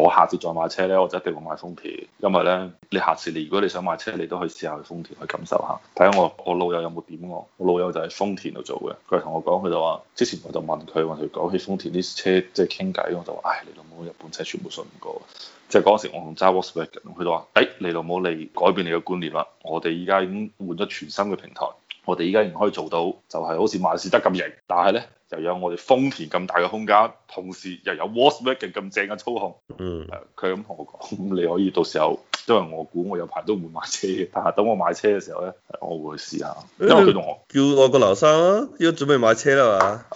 我下次再買車咧，我就一定會買豐田，因為咧你下次你如果你想買車，你都可以試下去豐田去感受下，睇下我我老友有冇點我，我老友，有有我老友就喺豐田度做嘅，佢係同我講，佢就話之前我就問佢，話佢講起豐田啲車，即係傾偈，我就話，唉，你老母日本車全部信唔過，即係嗰時我同揸沃斯頓，佢就話，哎，你老母你改變你嘅觀念啦，我哋依家已經換咗全新嘅平台，我哋依家已經可以做到，就係、是、好似萬事得咁型，但係咧。又有我哋豐田咁大嘅空間，同時又有 Wolfsmart 咁正嘅操控。嗯，佢咁同我講，你可以到時候，因為我估我有排都唔會買車，但係等我買車嘅時候咧，我會去試下。因為佢同我講,我叫外國留生咯，要準備買車啦嘛。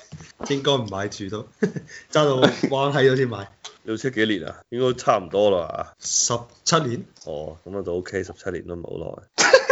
應該唔買住到，揸 到關係咗先買。你車幾年啊？應該差唔多啦嘛。十七年。哦，咁就 OK，十七年都冇耐。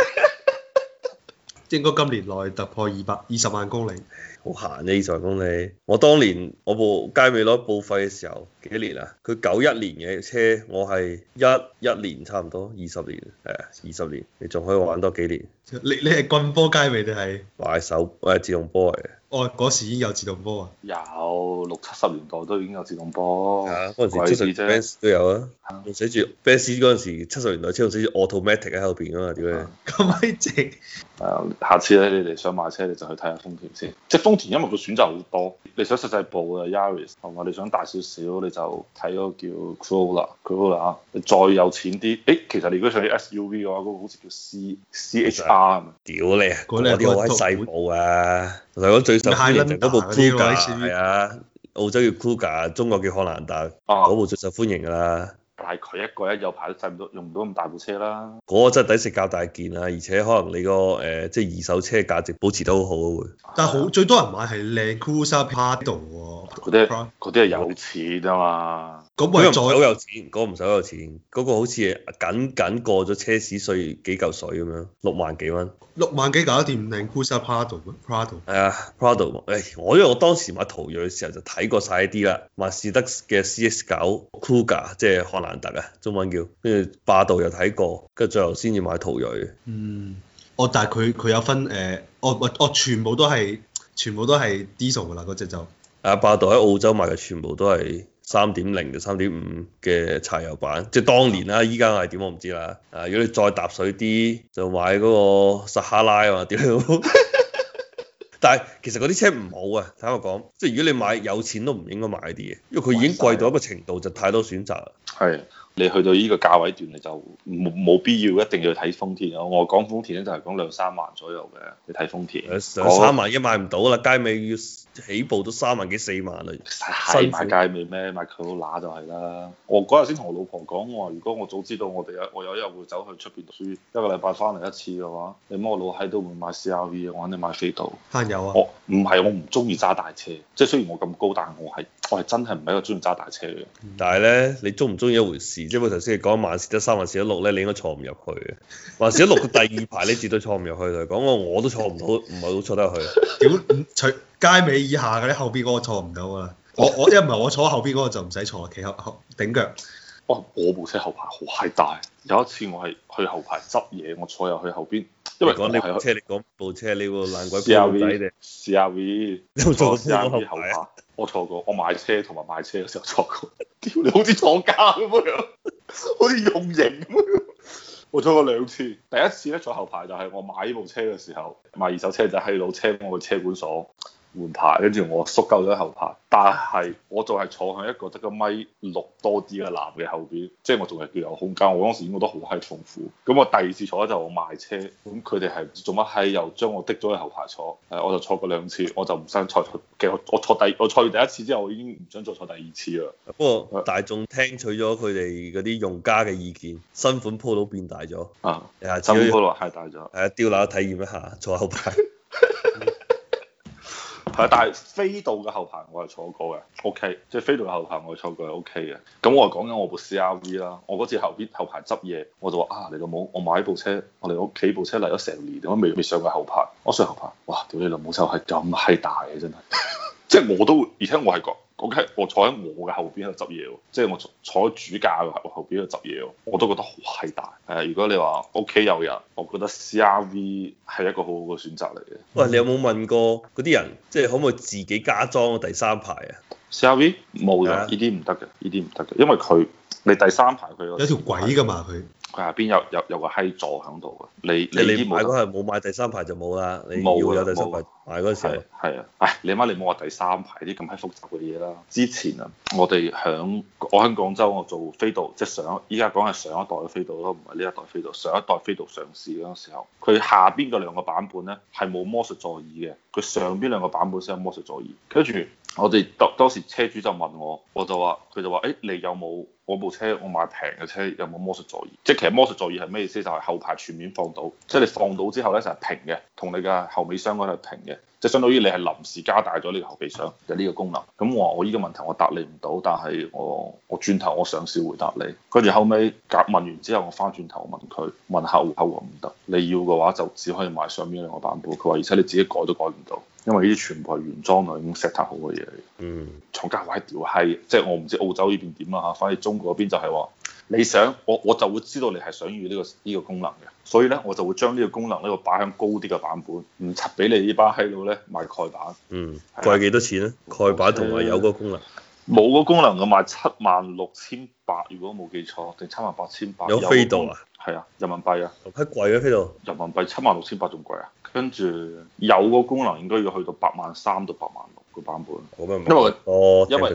應該今年內突破二百二十萬公里，好閒啊，二十萬公里，我當年我部佳美攞報廢嘅時候幾年啊？佢九一年嘅車，我係一一年差唔多二十年，係啊，二十年，你仲可以玩多幾年。你你係棍波佳美定係買手？我係自動波嚟嘅。哦，嗰時已經有自動波啊！有六七十年代都已經有自動波，嗰陣、啊、時七十，都、啊、有啊！寫住，飛車嗰陣時七十年代車頭寫住 automatic 喺後邊噶嘛？點解咁閪正？下次咧，你哋想買車，你就去睇下豐田先。即係豐田，因為佢選擇好多。你想實際部啊 Yaris 同埋你想大少少，你就睇嗰個叫 Corolla，Corolla 啊！你再有錢啲，誒、欸，其實你如果上啲 SUV 嘅話，嗰、那個好似叫 C C H R 啊嘛！屌、啊啊、你、啊，嗰啲我都細部啊！嚟講最～受歡迎成多部 Kluger，係啊，澳洲叫 Kluger，中國叫漢蘭達，嗰、啊、部最受歡迎噶啦。大概一個人有排都使唔到，用唔到咁大部車啦。嗰個真係抵食夾大件啊，而且可能你個誒、呃，即係二手車價值保持得好好。啊、但係好最多人買係 Land Cruiser Prado 嗰啲啲係有錢啫嘛，嗰個唔使好有錢，嗰、嗰個唔使好有錢，嗰、嗰個好似僅僅過咗車市稅幾嚿水咁樣，六萬幾蚊，六萬幾搞掂。Land Cruiser Prado 咩？Prado 係啊，Prado。誒 Pr、哎，我因為我當時買途銳嘅時候就睇過晒一啲啦，馬士德嘅 C X 九，Kuga 即係漢蘭達啊，中文叫，跟住霸道又睇過，跟住最後先至買途銳。嗯，我但係佢佢有分誒、呃，我我我全部都係全部都係 Diesel 嘅啦，嗰、那、隻、個、就。啊，霸道喺澳洲買嘅全部都係三點零到三點五嘅柴油版，即係當年啦，依家係點我唔知啦。啊，如果你再搭水啲，就買嗰個撒哈拉啊嘛，屌！ 但係其實嗰啲車唔好啊，坦白講，即係如果你買有錢都唔應該買啲嘢，因為佢已經貴到一個程度，就太多選擇啦。係。你去到呢個價位段，你就冇冇必要一定要睇豐田咯。我講豐田咧，就係講兩三萬左右嘅，你睇豐田。兩三萬已經買唔到啦，哦、街尾要起步都三萬幾四萬啦。辛苦街尾咩？買佢老乸就係啦。我嗰日先同我老婆講，我話如果我早知道我哋啊，我有一日會走去出邊讀書，一個禮拜翻嚟一次嘅話，你乜老閪都會買 CRV，我肯定買飛度。慳油啊？我唔係，我唔中意揸大車。即係雖然我咁高，但係我係我係真係唔係一個中意揸大車嘅人。但係咧，你中唔中意一回事。即係頭先講萬事得三萬事得六咧，你應該坐唔入去嘅。萬事得六嘅第二排，你絕對坐唔入去。佢講我我都坐唔到，唔係好坐得入去。點除街尾以下嘅咧？後邊嗰個坐唔到啊！我我一唔係我坐後邊嗰個就唔使坐，企後後頂腳。哇！我部車後排好係大，有一次我係去後排執嘢，我坐入去後邊。因為講你係車你講部車你爛鬼，S R V S R V，我坐過後、啊、S R V 後排，我坐過，我買車同埋買車嘅時候坐過，屌 你好似坐監咁樣， 好似用刑咁樣， 我坐過兩次，第一次咧坐後排就係我買呢部車嘅時候，買二手車就喺度車我嘅車管所。換排，跟住我縮夠咗喺後排，但係我就係坐喺一個得個米六多啲嘅男嘅後邊，即係我仲係叫有空間。我當時已經覺得好係痛苦。咁我第二次坐就我賣車，咁佢哋係做乜？係又將我滴咗喺後排坐，係我就坐過兩次，我就唔想坐。嘅我我坐第我坐完第一次之後，我已經唔想再坐第二次啦。不過、啊、大眾聽取咗佢哋嗰啲用家嘅意見，新款 Polo 變大咗啊，新款 Polo 係大咗，係啊，丟鬧體驗一下坐喺後排。 係，但係飛度嘅後排我係坐過嘅，OK，即係飛度嘅後排我係坐過係 OK 嘅。咁我話講緊我部 CRV 啦，我嗰次後邊後排執嘢，我就話啊，你老母，我買部車，我哋屋企部車嚟咗成年，我未未上過後排，我上後排，哇，屌你老母，真係咁閪大嘅真係， 即係我都，而且我係講。我坐喺我嘅後邊喺度執嘢喎，即係我坐喺主駕嘅後後邊喺度執嘢喎，我都覺得好偉大。誒，如果你話屋企有人，我覺得 CRV 係一個好好嘅選擇嚟嘅。喂，你有冇問過嗰啲人，即係可唔可以自己加裝第三排啊？CRV 冇㗎，呢啲唔得嘅，呢啲唔得嘅，因為佢你第三排佢有條軌㗎嘛佢。佢下邊有有有個喺座喺度嘅，你你你買嗰係冇買第三排就冇啦，你要有第三排買嗰時，係啊，唉，你媽你冇話第三排啲咁閪複雜嘅嘢啦。之前啊，我哋響我喺廣州，我做飛度，即係上依家講係上一代嘅飛度咯，唔係呢一代飛度，上一代飛度上市嗰時候，佢下邊嗰兩個版本咧係冇魔術座椅嘅，佢上邊兩個版本先有魔術座椅。跟住我哋當當時車主就問我，我就話佢，就話，誒、欸、你有冇？我部車我買平嘅車有冇魔術座椅，即係其實魔術座椅係咩意思？就係後排全面放倒，即係你放倒之後咧就係平嘅，同你嘅後尾箱嗰度平嘅，即係相當於你係臨時加大咗你個後備箱嘅呢個功能。咁我話我依個問題我答你唔到，但係我我轉頭我嘗試回答你。跟住後尾問完之後，我翻轉頭問佢問客戶，客戶唔得，你要嘅話就只可以買上面兩個版本。佢話而且你自己改都改唔到。因為呢啲全部係原裝啦，已經 set 好嘅嘢嚟。嗯，廠家話係調閪，即係我唔知澳洲呢邊點啦嚇，反而中國嗰邊就係話你想，我我就會知道你係想要呢個呢個功能嘅，所以咧我就會將呢個功能呢個擺向高啲嘅版本，唔拆俾你呢班閪佬咧賣蓋板。嗯，貴幾多錢咧？啊、蓋板同埋有嗰個功能。嗯冇個功能，我賣七萬六千八，如果冇記錯，定七萬八千八有飛到啊？係啊，人民幣啊，有批貴啊飛到，人民幣七萬六千八仲貴啊？跟住有個功能應該要去到八萬三到八萬六個版本，因為哦，因為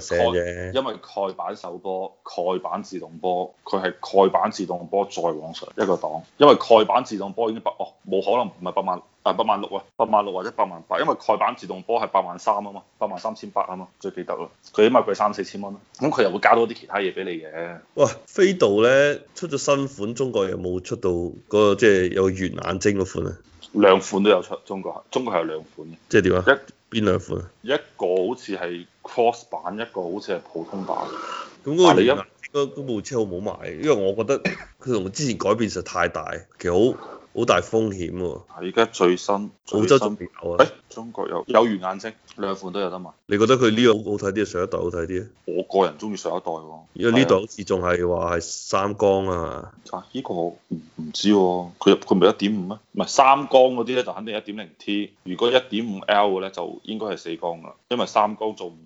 因為蓋板手波，蓋板自動波，佢係蓋板自動波再往上一個檔，因為蓋板自動波已經哦，冇可能唔係八萬。八萬六啊，八萬六或者八萬八，因為蓋版自動波係八萬三啊嘛，八萬三千八啊嘛，最記得咯。佢起碼貴三四千蚊咯，咁佢又會加多啲其他嘢俾你嘅。喂，飛度咧出咗新款，中國有冇出到嗰個即係有圓眼睛嗰款啊？兩款都有出，中國中國係有兩款嘅。即係點啊？一邊兩款啊？一個好似係 cross 版，一個好似係普通版。咁嗰個一，嗰部車好冇好買？因為我覺得佢同之前改變實在太大，其實好。好大風險喎！啊，依家最新，最新澳洲仲有啊？誒、哎，中國有有魚眼睛，兩款都有得賣。你覺得佢呢個好睇啲，上一代好睇啲？我個人中意上一代喎、啊，因為呢度好似仲係話係三缸啊。啊，依、呢個唔唔知喎、啊，佢佢唔係一點五咩？唔係三缸嗰啲咧就肯定一點零 T，如果一點五 L 嘅咧就應該係四缸啦，因為三缸做唔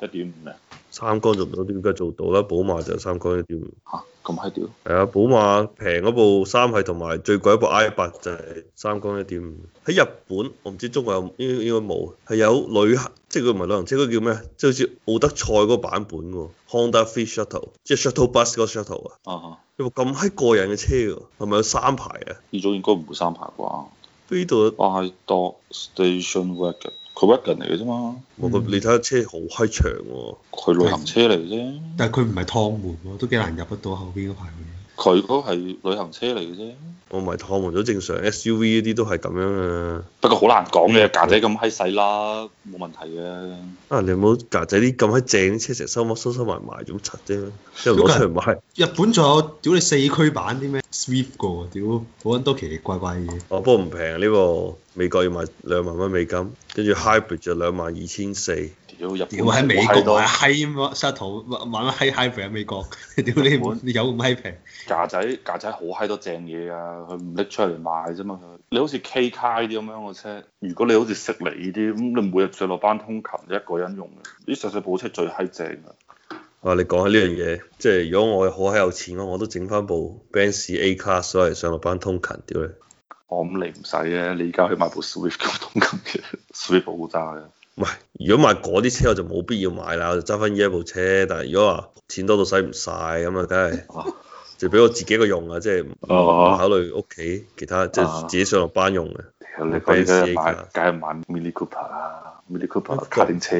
到一點五啊。三缸做唔到，點解做到啦？寶馬就三缸一點五，吓咁閪屌！係啊，寶馬平嗰部三係同埋最貴嗰部 I 八就係三缸一點五。喺日本，我唔知中國有應應該冇，係有旅行，即係佢唔係旅行車，嗰叫咩？即係好似奧德賽嗰個版本 Honda Fish Shuttle，即係 shuttle bus 嗰 shuttle 啊哈？啊，有冇咁閪過癮嘅車㗎？係咪有三排啊？呢種應該唔會三排啩？呢度，Ito Station wagon。佢屈人嚟嘅啫嘛，我個、嗯、你睇下車好閪長喎，啊，佢旅行車嚟嘅啫，但係佢唔係趟門喎，啊，都幾難入得到後邊嗰排。佢都係旅行車嚟嘅啫，我唔係看門咗正常，SUV 呢啲都係咁樣啊。不過好難講嘅，格仔咁閪細啦，冇對問題嘅。啊，你唔好格仔啲咁閪正車成日收收收埋埋咁柒啫，即係攞出嚟賣。日本仲有屌你四驅版啲咩 Swift 個，屌，好多奇奇怪怪嘅。哦、啊，不過唔平呢個，美國要賣兩萬蚊美金，跟住 Hybrid 就兩萬二千四。屌！日本，喺美國度，閪乜，shuttle 買買閪平喺美國。屌你、冇！你有咁嗨平？架仔架仔好嗨多正嘢啊！佢唔拎出嚟賣啫嘛。你好似 K 卡啲咁樣嘅車，如果你好似食嚟啲咁，你每日上落班通勤一個人用，呢細細部車最嗨正啊！啊！你講起呢樣嘢，即係如果我好閪有錢啊，我都整翻部 Benz A Class 所以上落班通勤，屌、哦、你！我諗你唔使啊！你而家去買部 Swift 通勤嘅，Swift 好渣嘅。唔係，如果買嗰啲車我就冇必要買啦，我就揸翻呢一部車。但係如果話錢多到使唔晒，咁啊，梗係就俾我自己個用啊，即係唔考慮屋企其他， 即係自己上落班用嘅。你依家買，梗係買 Mini Cooper 啦。佢拍拍卡丁車，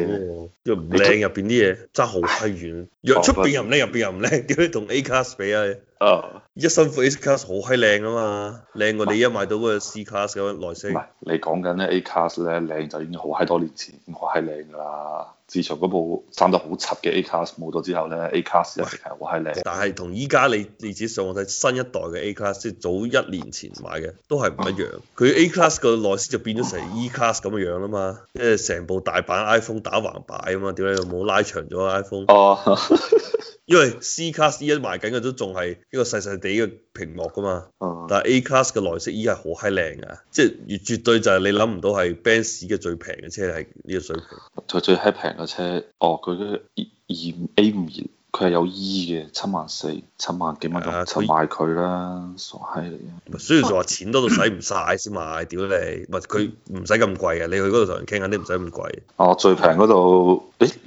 又唔靚入邊啲嘢，真好閪遠。若出邊又唔靚，入邊又唔靚，點解同 A class 比啊你？啊、哦！一新款 A class 好閪靚啊嘛，靚。我哋而家買到嗰個 C class 咁樣內飾。唔係，你講緊咧 A class 咧靚就已經好閪多年前，好閪靚噶啦。自從嗰部生得好柒嘅 A Class 冇咗之後咧，A Class 一直係好閪靚。但係同依家你你自己上網睇新一代嘅 A Class，即係早一年前買嘅，都係唔一樣。佢、嗯、A Class 個內飾就變咗成 E Class 咁嘅樣啦嘛，即係成部大版 iPhone 打橫擺啊嘛，點解又冇拉長咗 iPhone？哦，因為，為，、嗯、 因為 C Class 依家賣緊嘅都仲係一個細細地嘅屏幕噶嘛。嗯、但係 A Class 嘅內飾依係好閪靚噶，即係越絕對就係你諗唔到係 Benz 嘅最平嘅車係呢個水平。佢最閪平嘅車，哦，佢啲二 A 五二，佢係有 E 嘅，七萬四，七萬幾蚊咁。啊，收佢啦，他傻閪嚟嘅。雖然仲話錢多到使唔曬先買，屌你，唔係佢唔使咁貴嘅，你去嗰度同人傾下啲唔使咁貴。哦、啊，最平嗰度？欸